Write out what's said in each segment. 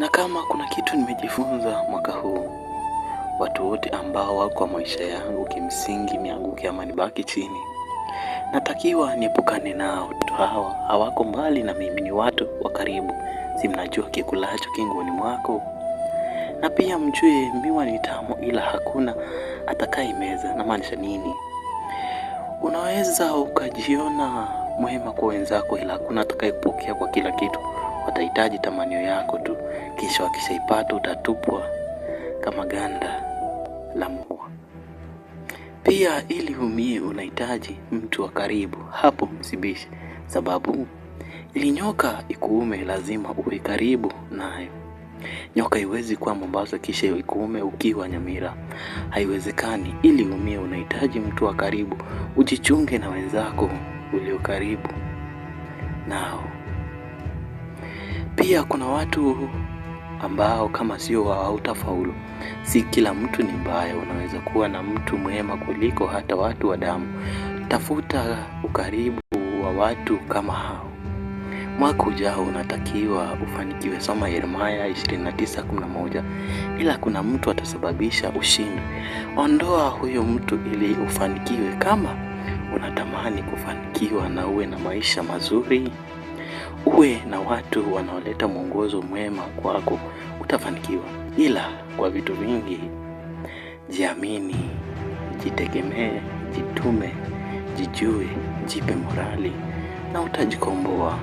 Na kama kuna kitu nimejifunza mwaka huu, watu wote ambao wako kwa maisha yangu kimsingi, nianguke ama nibaki chini, natakiwa niepukane nao. Watu hawa hawako mbali na mimi, ni watu wa karibu. Si mnajua kikulacho kinguoni mwako? Na pia mjue miwa ni tamu, ila hakuna Na Namaanisha nini? Unaweza ukajiona mwema kwa wenzako, ila hakuna atakayepokea kwa kila kitu watahitaji tamanio yako tu, kisha wakishaipata utatupwa kama ganda la mua. Pia ili umie, unahitaji mtu wa karibu, hapo msibishe, sababu ili nyoka ikuume lazima uwe karibu nayo. Nyoka iwezi kuwa Mombasa kisha ikuume ukiwa Nyamira, haiwezekani. Ili umie, unahitaji mtu wa karibu, ujichunge na wenzako ulio karibu nao. Pia kuna watu ambao kama sio wao hautafaulu. Si kila mtu ni mbaya, unaweza kuwa na mtu mwema kuliko hata watu wa damu. Tafuta ukaribu wa watu kama hao. Mwaka ujao unatakiwa ufanikiwe. Soma Yeremaya 29:11. Ila kuna mtu atasababisha ushindi. Ondoa huyo mtu ili ufanikiwe. Kama unatamani kufanikiwa na uwe na maisha mazuri Uwe na watu wanaoleta mwongozo mwema kwako, utafanikiwa. Ila kwa vitu vingi, jiamini, jitegemee, jitume, jijue, jipe morali na utajikomboa.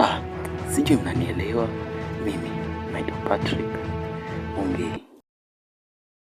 Ah, sijui mnanielewa. Mimi naitwa Patrick Mungii.